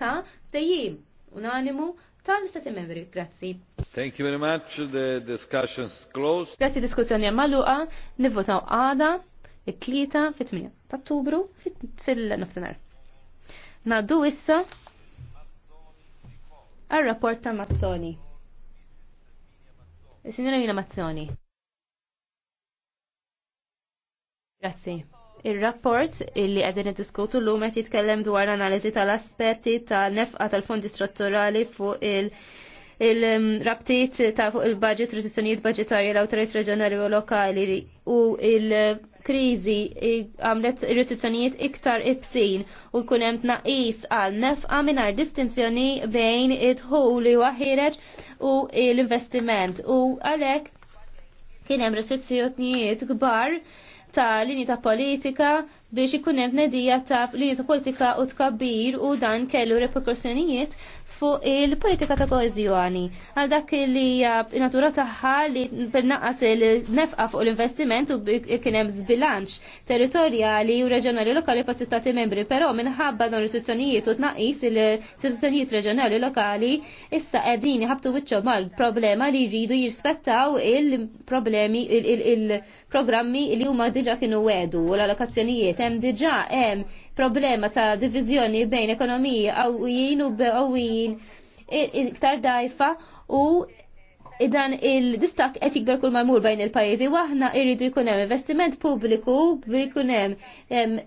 ta' ftejjim unanimu tal seti membri. Grazzi. Thank you very much. The discussion's closed. Grazzi diskussjoni għamaluqa, nivvotaw għada it-tlieta fit-8 ta' ottubru fil-nofsenar. Naddu issa għal-rapport ta' Mazzoni. Is-sinjora Mina Mazzoni. Grazie. Il-rapport illi għedin id-diskutu l-lum għet jitkellem dwar analizi tal-aspetti tal-nefqa tal-fondi strutturali fuq il- il-rabtiet ta' fuq il-budget, restrizzjonijiet budgetarji l awtorit reġjonali u lokali u il-krizi għamlet restrizzjonijiet iktar ibsin u kunem tnaqis għal nefqa minar distinzjoni bejn id-ħul li waħireġ u l-investiment u għalek kienem restrizzjonijiet kbar ta' linji ta' politika biex ikun hemm nedija ta' linji ta' politika u tkabbir u dan kellu reperkussjonijiet fuq il-politika ta' koezjoni. Għal dak li natura tagħha li pernaqqas il-nefqa fuq l-investiment u kien hemm bilanċ territorjali u reġjonali lokali fost stati membri, però minħabba dawn l-istituzzjonijiet u tnaqqis il-istituzzjonijiet reġjonali lokali issa qegħdin ħabtu wiċċhom mal-problema li jridu jirspettaw il-problemi il-programmi li huma diġà kienu wedu u l-allokazzjonijiet hemm diġà hemm problema ta' diviżjoni bejn ekonomija qawwijin u qawwijin iktar dajfa u idan il-distak qed jikber kull marmur bejn il-pajjiżi waħna irridu jkun hemm investiment pubbliku bi jkun hemm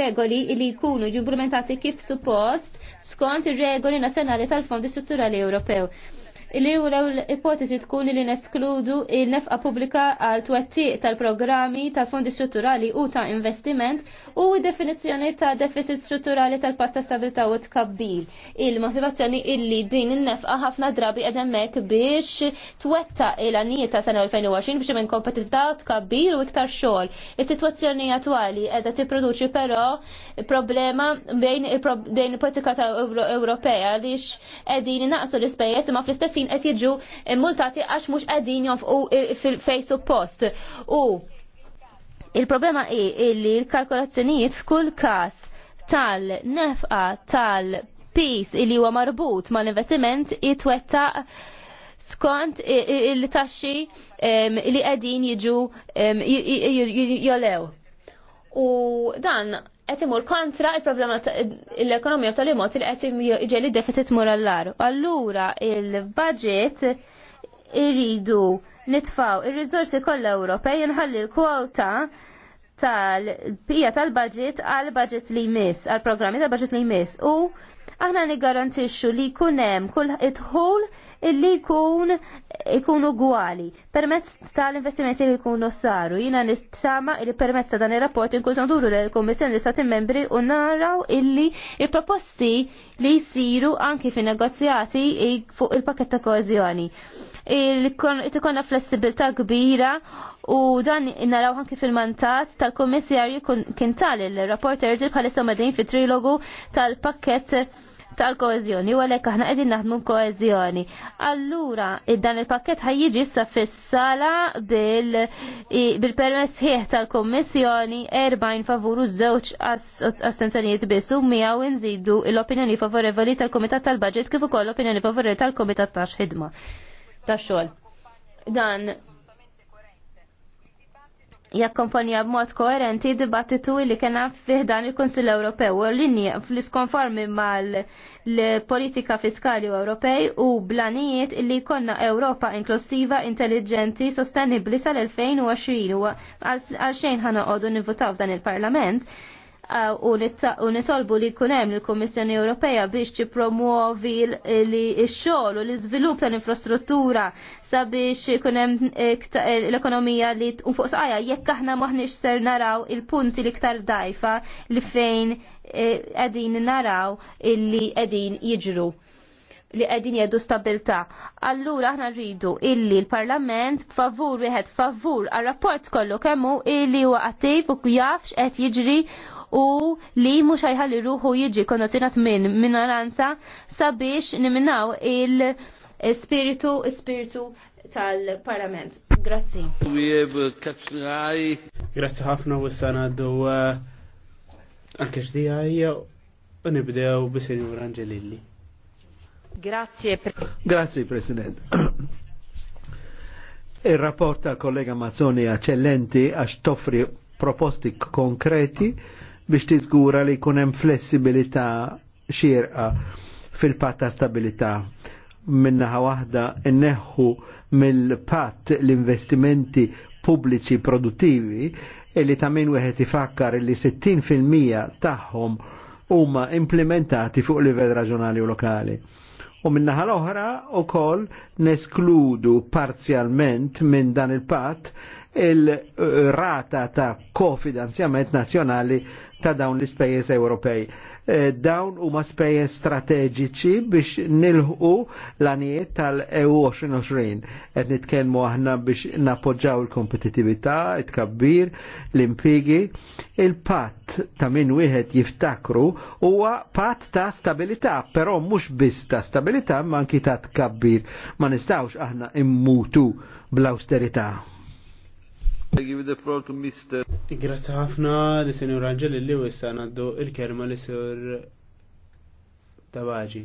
regoli li jkunu ġimplementati kif suppost skont ir-regoli nazzjonali tal-Fondi Strutturali Ewropew li u l-ipotezi tkun li neskludu il-nefqa publika għal twettiq tal-programmi tal-fondi strutturali u ta' investiment u definizzjoni ta' deficit strutturali tal-patta stabilta u tkabbir. Il-motivazzjoni illi din il-nefqa ħafna drabi edemmek biex twetta il-għanijiet ta' sena 2020 biex minn kompetitività tkabbir u iktar xogħol. Is-sitwazzjoni attwali edha tipproduċi però problema bejn il-politika ta' Ewropea għaliex qegħdin naqsu l-ispejjeż ma fl-istess ħażin qed jiġu multati għax mhux qegħdin jonfqu fil-fej suppost. U il-problema hi illi l-kalkolazzjonijiet f'kull każ tal-nefqa tal-pis illi huwa marbut mal-investiment jitwettaq skont il-taxxi li qegħdin jiġu jolew. U dan qed imur kontra il-problema l-ekonomija tal-imot li qed iġeli deficit morallar. Allura il-budget iridu nitfaw ir-riżorsi kollha Ewropej jinħalli l-kwota tal-bija tal-budget għal budget li jmiss, għal programmi tal-budget li jmiss. U aħna nigarantixxu li kunem kull idħul illi jkun ikun gwali permezz tal-investimenti li jkunu saru. Jina nistama illi permezz ta' dan il-rapport inkun sonduru l komissjoni li stati membri u naraw illi il-proposti li jisiru anki fi negozjati fuq il-pakket ta' Il Tikonna flessibilta kbira u dan naraw anki fil-mantat tal-Kommissarju kien tal il-rapporters bħalissa madin fit-trilogu tal-pakket tal-koezjoni u għalhekk aħna qegħdin naħdmu koezjoni. Allura dan il-pakkett ħajjiġi issa fis-sala bil-permess ħieħ tal-Kommissjoni 40 favuru żewġ astenzjonijiet biss u nżidu l-opinjoni favorevoli tal-Kumitat tal budget kif ukoll l-opinjoni favorevoli tal-Kumitat tax-ħidma tax-xogħol. Dan jakkomponja b'mod koerenti dibattitu li kena fiħdan il-Konsil Ewropew u l inni fl-iskonformi mal-politika fiskali Ewropej u blanijiet li konna Ewropa inklusiva, intelligenti, sostenibli sal-2020 għal xejn ħana għodu nivutaw f'dan il-Parlament u nitolbu li jkun hemm il-Kummissjoni Ewropea biex promuovi x-xogħol u l-iżvilupp tal-infrastruttura sabiex ikun hemm l-ekonomija li unfuq fuq jekk aħna maħniex ser naraw il-punti l-iktar dajfa li fejn eh, qegħdin naraw illi qegħdin jiġru li qegħdin jeddu stabilta. Allura aħna rridu illi l-Parlament favur wieħed favur għar-rapport kollu kemmu illi huwa attiv u jafx qed jiġri u li mhux ħajħalli ruħu jiġi konnotinat minn minoranza sabiex niminaw il-spiritu spiritu tal-parlament. Grazzi. Grazzi ħafna u s-sana du eh, anke ġdijaj u nibdew bis-senjur Angelilli. Grazie. Grazie President. Il-rapport tal kollega Mazzoni eccellenti għax toffri proposti konkreti biex tiżgura li jkun hemm flessibilità xierqa fil-patt ta' stabilità. Minnaħa waħda inneħħu mill-patt l-investimenti pubbliċi produttivi illi ta' min wieħed ifakkar li 60% tagħhom huma implementati fuq livell raġunali u lokali. U minnaħa l-oħra u neskludu parzjalment minn dan il-pat il-rata ta' kofinanzjament nazjonali ta' dawn l-ispejjeż Ewropej. E, dawn huma spejjeż strateġiċi biex nilħu l-anijiet tal-EU 2020. Qed nitkellmu aħna biex nappoġġaw il-kompetitività, it-kabbir, l-impigi. Il-patt ta' min wieħed jiftakru huwa patt ta' stabilità, però mhux biss ta' stabilità ma anki ta' tkabbir. Ma nistgħux aħna immutu bl-austerità. Grazie ħafna li senjur Angel li wissa għaddu il-kelma li sur Tabaġi.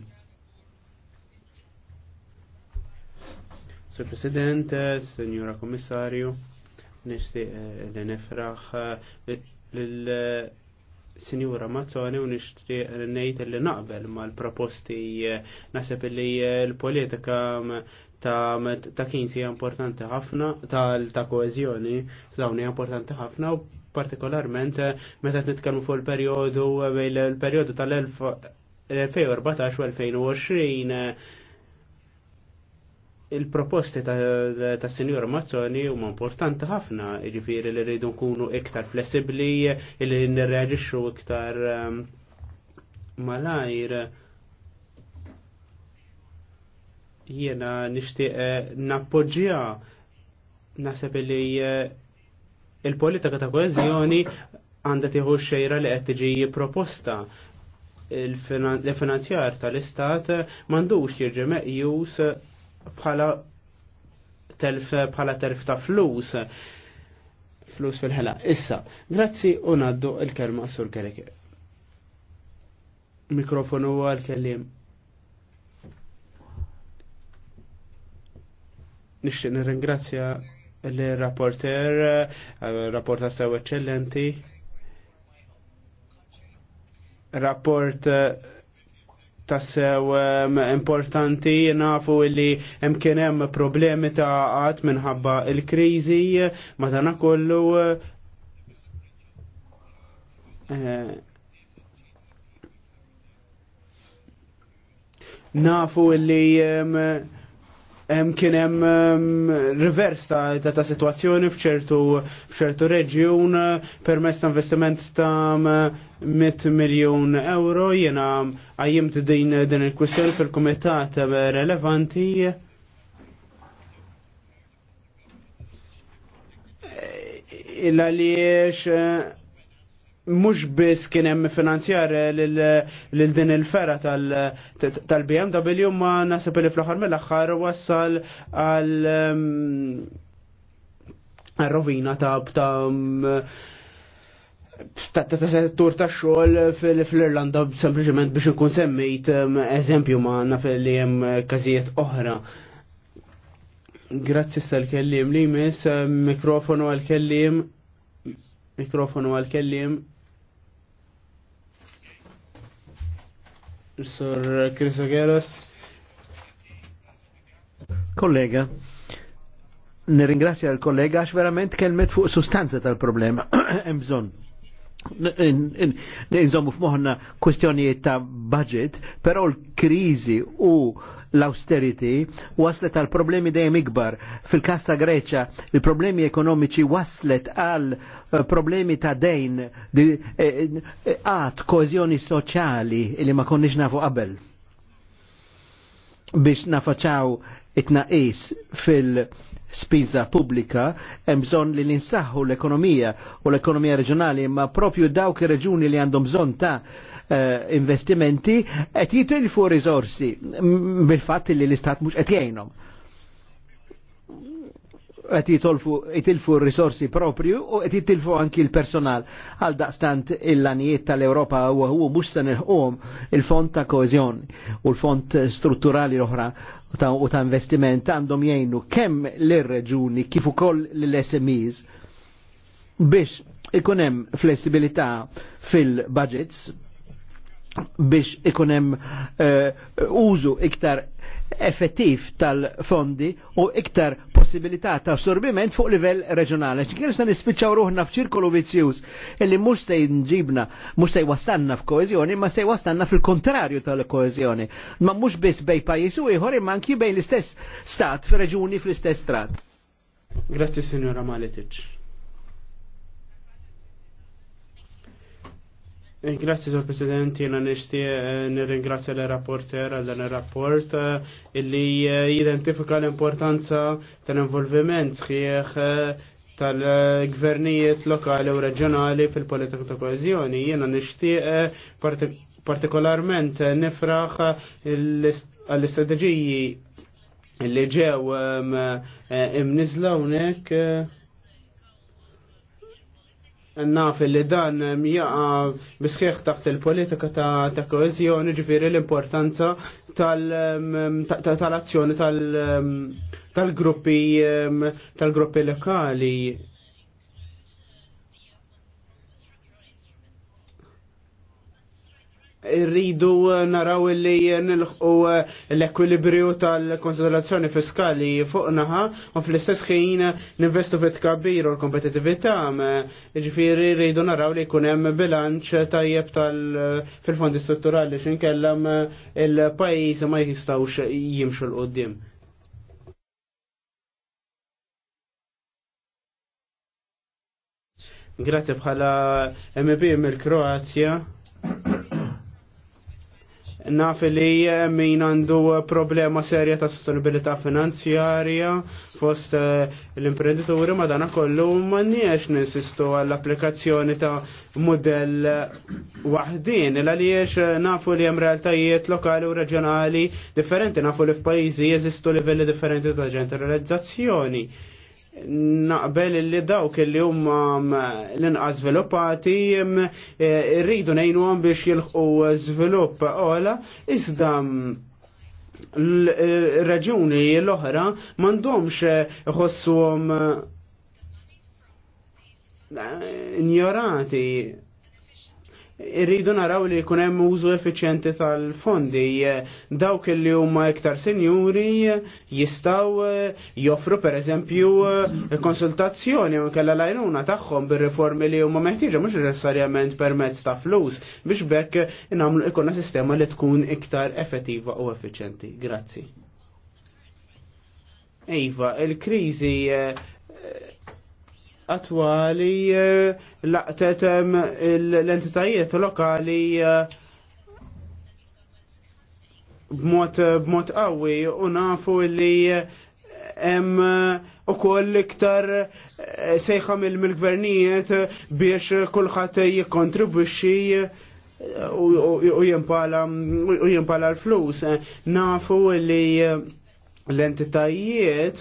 Sur President, Senjura Komissarju, nishtiq eh, li nifraħ eh, eh, Sinjura Mazzoni u nishtiq nejt li naqbel ma l-proposti nasib li l-politika ta' ta' kinsi importanti ħafna, ta' koezjoni, dawni importanti ħafna, u partikolarment meta nitkellmu fuq il-perjodu bejn il-perjodu tal-2014 u 2020 il-proposti ta' Senjor Mazzoni huma importanti ħafna, jiġifieri li rridu nkunu iktar flessibbli, li nirreġiċu iktar malajr jiena nixtieq eh, nappoġġija naħseb li eh, il-politika ta' koezjoni għandha tieħu xejra li qed tiġi proposta il-finanzjar tal-istat m'għandux jiġi meqjus bħala telf bħala telf ta' flus flus fil-ħela. Issa, grazzi u naddu il-kelma sur Gerek. Mikrofonu għal-kellim. Nixtieq nirringrazzja l-rapporter, eh, rapport sew eccellenti. Rapport eh, tassew eh, importanti nafu li kien hemm problemi ta' għat minħabba il-kriżi dana kollu nafu li kien hemm rivers ta', ta, ta situazzjoni f'ċertu f'ċertu reġjun permess ta' investiment ta' 100 miljun euro jiena għajjimt din din il-kwistjoni fil-kumitat relevanti illa li mux biss kien hemm finanzjar lil din il-fera tal-BMW ma nasib li fl-aħħar mill-aħħar wassal għal um, rovina um, ta' ta' settur ta' xogħol fl-Irlanda sempliċement biex ikun semmejt um, eżempju ma' naf li hemm każijiet oħra. Grazzi sal-kellim li mis, mikrofonu għal-kellim mikrofonu għal-kellim Sur Ogeras. Kollega, nirringrazzja l-kollega għax verament kelmet fuq sustanza tal-problema. Hemm Nizomu f f'moħna kwestjonijiet ta' budget, pero l-krizi u l-austerity waslet għal problemi dejjem ikbar. Fil-kas ta' Greċa, il-problemi ekonomiċi waslet għal eh, problemi ta' dejn eh, eh, għat koezjoni kozjoni soċjali li ma konniex nafu qabel biex nafaċaw it-naqis fil-spiża pubblika, hemm bżonn li ninsaħħu l-ekonomija u l-ekonomija reġjonali, imma propju dawk ir-reġuni li għandhom bżonn ta' Eh, investimenti qed jitilfu riżorsi bil-fatt li l-istat mhux qed jgħinhom għet jitolfu jitilfu risorsi propju u għet jitilfu anki l-personal għal daqstant il-lanijiet tal-Europa u għu mux san il-fond ta' koezjon u l-fond strutturali l-oħra u ta' investiment għandhom jgħinu kemm l-reġuni kif ukoll l-SMEs biex ikunem flessibilità fil-budgets biex ikunem eh, użu uh, iktar effettiv tal-fondi u iktar possibilità ta' assorbiment fuq livell reġjonali. Ċkien se nispiċċaw ruħna f'ċirkolu vizzjuż illi mhux se nġibna, mhux se jwassanna f'koeżjoni, ma se jwassanna fil-kontrarju tal-koeżjoni. Ma mhux biss bej pajjiż u ieħor imma anki bejn l-istess stat f'reġuni fl-istess strat. Grazzi Signora Maletic. Grazzi tal President, jena nishti eh, nirringrazzja l-rapporter għal dan il-rapport eh, illi eh, jidentifika l-importanza tal-involviment sħiħ tal-gvernijiet lokali u reġjonali fil-politika ta' koezjoni. Jena nishti partikolarment nifraħ għall-istrateġiji li ġew imnizlawnek. unek naf li dan mjaqa um, bisħieħ taħt il-politika ta' koezjoni ġifiri l-importanza um, um, tal-azzjoni tal-gruppi tal-gruppi lokali rridu eh, naraw li nilħu eh, l-ekwilibrju tal-konsiderazzjoni fiskali fuq naħa u fl-istess ħin ninvestu fit tkabbir u l-kompetitività. Ġifiri rridu naraw li jkun hemm bilanċ tajjeb eh, fil-fondi strutturali x'inkellem il-pajjiż ma jistgħux jimxu l-qudiem. Grazie bħala MB mill-Kroazja. Naf li eh, min għandu eh, problema serja ta' sostenibilità finanzjarja fost eh, l-imprenditori ma dana kollu ma niex ninsistu għall-applikazzjoni ta' modell wahdin il għaliex nafu li hemm realtajiet lokali u reġjonali differenti nafu li f'pajjiżi jeżistu livelli differenti ta' ġentralizzazzjoni naqbel li dawk li huma mm, l-inqas sviluppati mm, eh, rridu ngħinuhom biex jilħqu żvilupp ola iżda mm, l-raġuni l-oħra m'għandhomx ħossuhom eh, ignorati irridu naraw li jkun hemm użu effiċjenti tal-fondi. Dawk li huma iktar senjuri jistgħu eh, joffru pereżempju eh, konsultazzjoni u kella lajnuna tagħhom bir-riformi li huma meħtieġa mhux necessarjament permezz ta' flus biex bekk nagħmlu ikunna sistema li tkun iktar effettiva u effiċjenti. Grazzi. Iva, il-kriżi eh, attwali eh, laqtet l-entitajiet lokali eh, b'mod b'mod qawwi u nafu li hemm eh, ukoll iktar sejħa mill-gvernijiet biex kulħadd jikkontribwixxi u jimpala l-flus. Nafu li l-entitajiet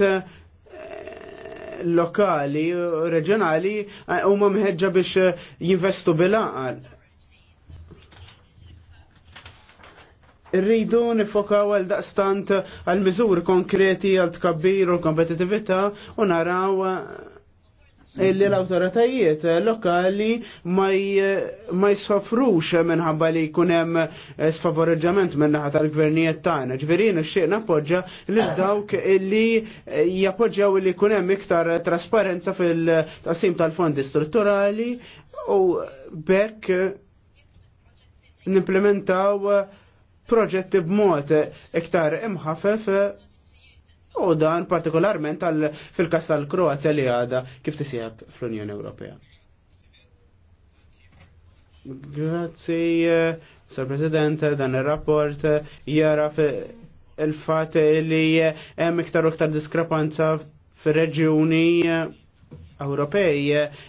lokali, u reġjonali, eh, huma mħeġġa biex eh, jinvestu bil-aqal. Irridu nifokaw għal daqstant għal miżur konkreti għal tkabbir u kompetitività u naraw eh, Illi l-autoritajiet lokali ma jisfafrux minħabba li kunem sfavoreġġament minnaħa tal-gvernijiet tagħna. Ġverin, xieq nappoġġa li dawk li jappoġġaw li kunem iktar trasparenza fil-tasim tal-fondi strutturali u bekk nimplementaw proġetti b'mod iktar imħafef U dan partikolarment fil-kas tal-Kroazja li għada kif tisijab fl-Unjoni Ewropea. Grazzi, Sir President, dan il-rapport jara il-fat li hemm iktar u iktar diskrepanza fir-reġjuni Ewropej.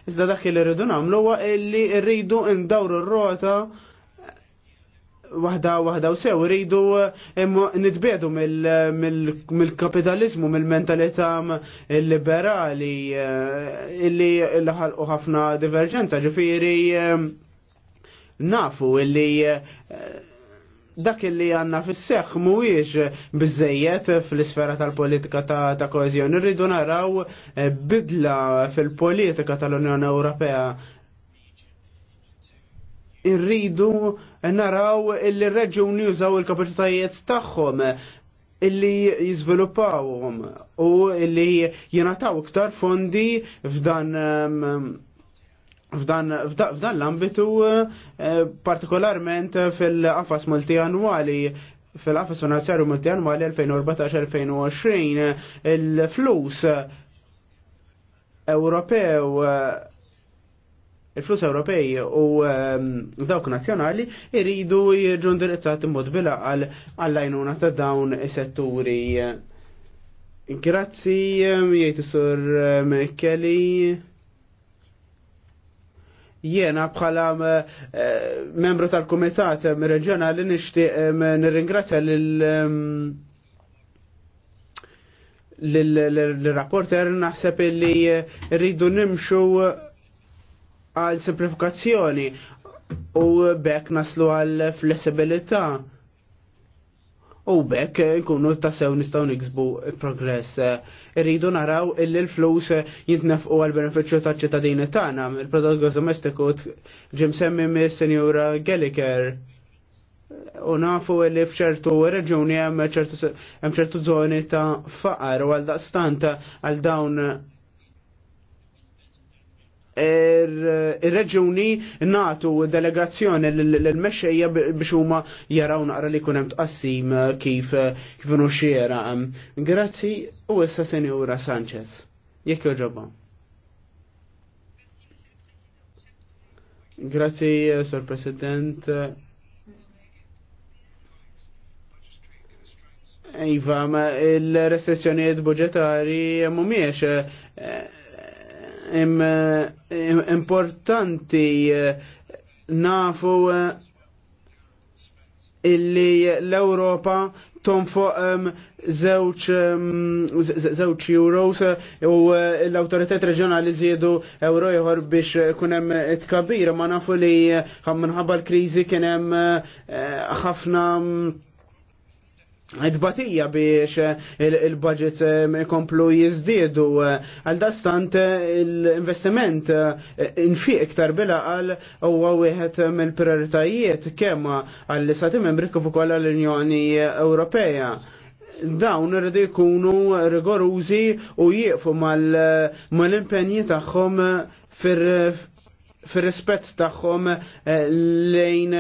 Iżda dak li rridu nagħmlu huwa li rridu ndawru r-rota wahda wahda u sew rridu eh, nitbiedu mill-kapitalizmu, mill-mentalità liberali eh, illi l-ħalqu ħafna diverġenza ġifiri eh, nafu illi dak illi għanna fis-seħ mhuwiex biżejjed fl-isfera tal-politika ta' koeżjoni. Rridu naraw bidla fil-politika tal-Unjoni Ewropea irridu naraw illi reġuni jużaw il-kapacitajiet tagħhom illi jizviluppawhom u illi jingħataw iktar fondi f'dan um, f'dan, f'dan l-ambitu uh, partikolarment fil-qafas multianwali fil-qafas finanzjarju multianwali 2014-2020 il-flus Ewropew uh, il-flus Ewropej u ehm, dawk nazzjonali iridu jirġu indirizzat mod bila għall-għajnuna ta' dawn is-setturi. Grazzi, ehm, jgħid sur ehm, Kelly. Jiena bħala membru tal-Kumitat Reġjonali nixtieq nirringrazzja lil l-rapporter naħseb li rridu nimxu għal simplifikazzjoni u bekk naslu għal flessibilità. U bekk nkunu tassew nistaw niksbu progress. Irridu naraw illi l-flus jintnefqu għal beneficju ta' ċittadini tagħna. Il-prodott domestiku ġim semmi mis Senjura Gelliker. U nafu illi f'ċertu reġuni hemm ċertu zoni ta' faqar u għal daqstant għal dawn Er, ir-reġuni natu delegazzjoni l-mexxejja biex huma jaraw naqra li kunem tqassim eh, kif eh, kif xiera. Grazzi u issa Senjura Sanchez. Jekk joġobha. Grazzi, eh, Sir President. Iva, ma il-restrizzjonijiet budġetari mumiex importanti eh, nafu eh, illi l-Europa tom fuq zewċ euros eh, u l-autoritet reġjonali zjedu euro jħor biex kunem it-kabir ma nafu li minħabba l-krizi kienem ħafna uh, id biex il-budget eh, komplu jizdidu eh, għal dastant eh, l-investiment infiq iktar bila għal u għawihet mill-prioritajiet kemm għall sati membri kif ukoll l unjoni Ewropea. Dawn irridu jkunu rigorużi u jieqfu mal-impenji tagħhom fir fil-rispett tagħhom eh, lejn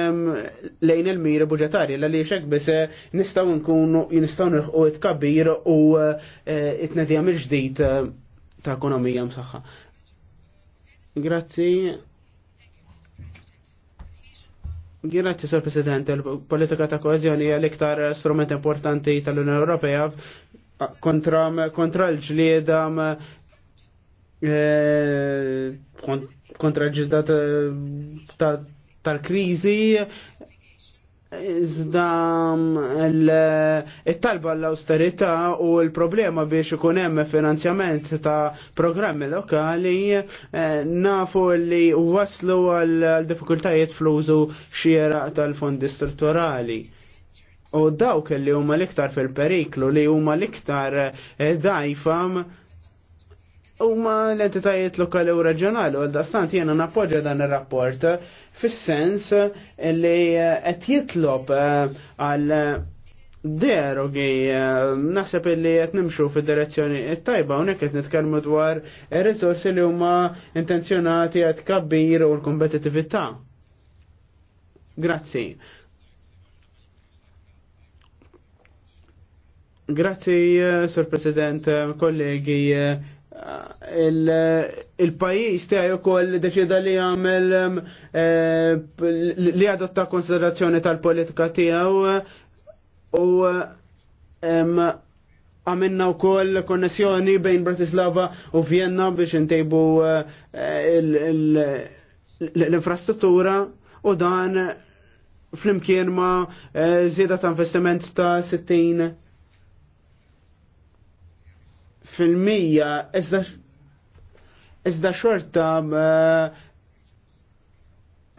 il-miri budġetarji l għaliex biss eh, nistgħu nkunu nistgħu nilħqu it-kabbir u eh, it-nedjam il-ġdid ta' ekonomija msaħħa. Grazzi. Grazzi, Sor President, il-politika ta' koezjoni hija l-iktar strument importanti tal-Unjoni Ewropea kontra l-ġlieda E, kontra ġidda e, tal-krizi Iżda mm, il-talba l-austerita u l-problema biex ikun hemm finanzjament ta' programmi lokali e, nafu li waslu għal diffikultajiet fl-użu xiera tal-fondi strutturali. U dawk li huma l-iktar fil-periklu li huma l-iktar dajfam Uma l-entitajiet lokali u reġjonali u għal dastant jiena nappoġġa dan ir-rapport fis-sens li qed jitlob eh, għal derogi eh, naħseb li qed nimxu fid-direzzjoni tajba hawnhekk qed nitkellmu dwar il risorsi li huma intenzjonati għet kabbir u l kompetitivita Grazzi. Grazzi, eh, Sur President, kollegi, il-pajis tiegħi wkoll deċida li jagħmel e, li adotta konsiderazzjoni tal-politika tiegħu u għamilna wkoll konnessjoni bejn Bratislava u Vienna biex intejbu e, l-infrastruttura u dan flimkien ma zieda e, ta' investiment ta' 60 fil-mija, iżda xorta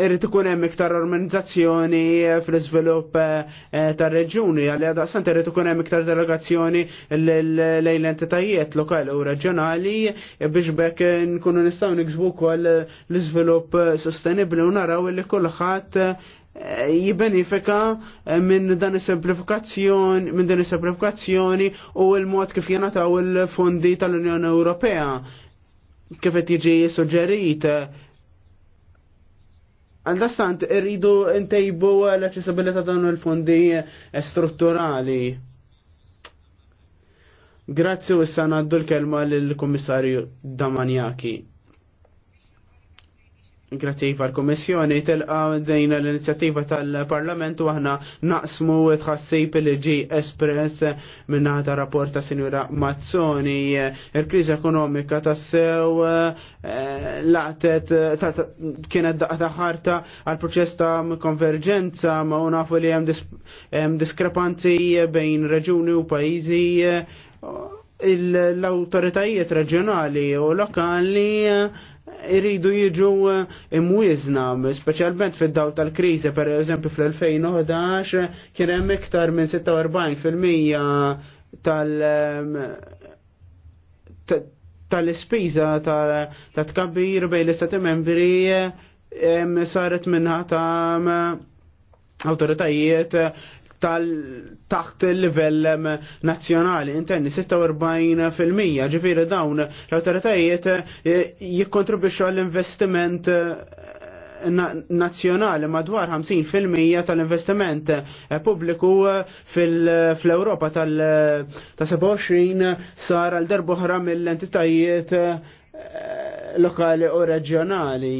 irrit ikun hemm iktar organizzazzjoni fl-iżvilupp eh, tar-reġjuni, għalli għadha sant irrid ikun hemm iktar delegazzjoni lejn l-entitajiet lokali u reġjonali biex bekk nkunu nistgħu niksbu wkoll l-iżvilupp sostenibbli u naraw li kulħadd jibbenifika eh, minn dan is-semplifikazzjoni minn din is-semplifikazzjoni u l-mod kif jingħataw il-fondi tal-Unjoni Ewropea kif qed jiġi suġġerit. Eh, Għaldastant irridu ntejbu l-aċċessibilità dan il-fondi eh, strutturali. Grazzi u s ngħaddu l-kelma lill-Kummissarju Damanjaki. Grazie għal-Komissjoni telqa dejna l-inizjattiva tal-Parlament u aħna naqsmu tħassib il ġi espress minna ta' rapport ta' Sinjura Mazzoni. Il-kriżi ekonomika ta' sew eh, laqtet kienet daqta ħarta għal proċess ta' konverġenza ma' unafu li hemm diskrepanzi bejn reġuni u pajjiżi eh, l-autoritajiet reġjonali u lokali iridu jiġu eh, imwizna, specialment fid-daw tal-krizi, per eżempju fl-2011 kien hemm iktar minn 46% tal- eh, tal-ispiża ta' tkabbir bejn l-istati membri eh, saret minna ta' autoritajiet tal taħt il-livell nazzjonali intenni 46% ġifiri dawn l-autoritajiet eh, jikkontribuxxu għall-investiment eh, nazzjonali madwar 50% tal-investiment eh, pubbliku fil-Europa tal-27 sar għal darbohra mill-entitajiet lokali u reġjonali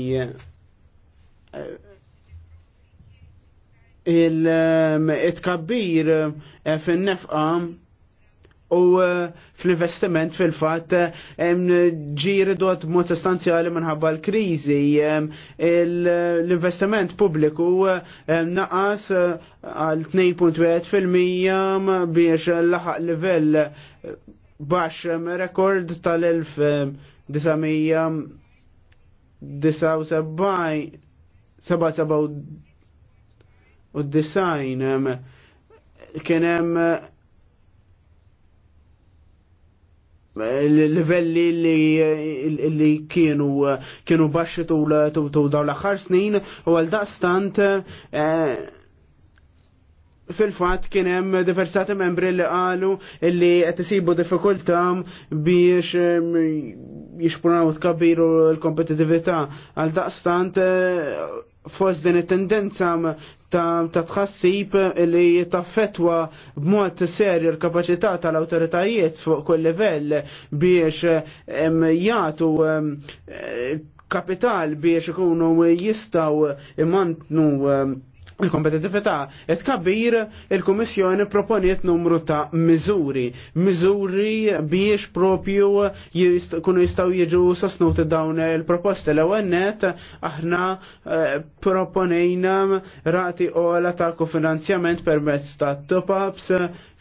il-tkabbir ehm, eh, fin-nefqa u eh, fl-investiment fil-fat eh, ġiri dot mod sostanzjali minħabba l-krizi l-investiment publiku naqas għal 2.1% mm, biex laħaq livell bax rekord tal-1979 u d-design kien hemm eh, livelli li kienu kienu baxxi tu daw l-aħħar snin u għal daqstant eh, fil-fat kien hemm diversati membri li qalu li qed isibu diffikultà biex jixprunaw tkabiru l-kompetitività għal daqstant eh, fost din it-tendenza ta' tħassib li taffetwa b'mod serju l-kapacità tal-autoritajiet fuq kull livell biex jagħtu eh, kapital biex ikunu jistgħu imantnu il-kompetitività et kabir il-Komissjoni proponiet numru ta' miżuri. Miżuri biex propju kunu jistaw jiġu sosnuti dawn il-proposti. l għennet aħna eh, proponejna rati ola ta' kofinanzjament permezz ta' top-ups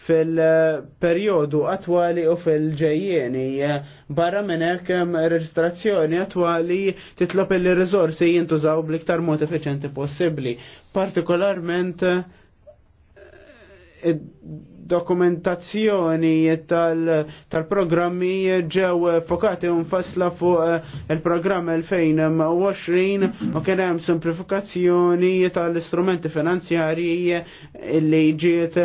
fil-periodu attwali u fil-ġejjeni. Barra minn hekk reġistrazzjoni attwali titlob il riżorsi jintużaw bl-iktar mod effiċenti possibbli. Partikolarment eh, dokumentazzjoni tal-programmi tal ġew fokati unfasla fuq eh, il-programm 2020 u kien hemm simplifikazzjoni tal-istrumenti finanzjarji illi ġiet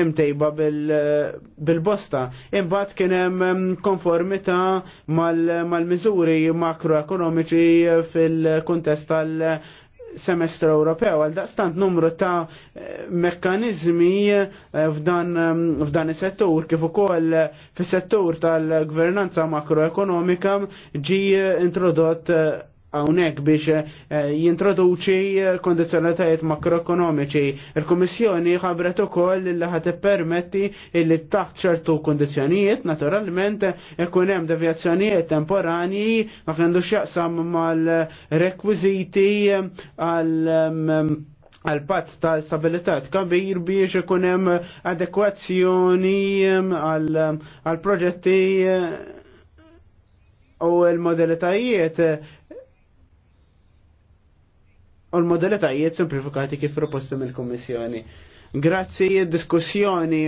imtejba bil-bosta. Imbagħad kien hemm konformità mal-miżuri makroekonomiċi fil-kuntest tal- semestru Ewropew għal daqstant numru ta' mekkanizmi eh, f'dan is-settur kif ukoll fis-settur tal-gvernanza makroekonomika ġi introdott eh, hawnhekk biex eh, jintroduċi eh, kondizzjonalitajiet makroekonomiċi. Il-Kummissjoni ħabret ukoll li ħad permetti li taħt ċertu kondizjonijiet, naturalment ikun hemm devjazzjonijiet temporani ma kellux jaqsam mal-rekwiżiti għal mm, għal pat ta' stabilità kabir biex ikun hemm adekwazzjoni mm, għal proġetti eh, u l-modalitajiet u l-modalitajiet simplifikati kif proposti mill-Kommissjoni. Grazzi diskussjoni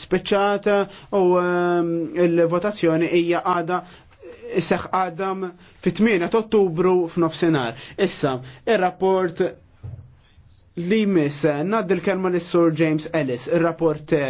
speċata u ehm, l-votazzjoni hija għada isseħ għadam fit-8 ottubru f'nofsinhar. Issa, ir-rapport li mis, nad il-kelma l-Sur James Ellis, ir-rapport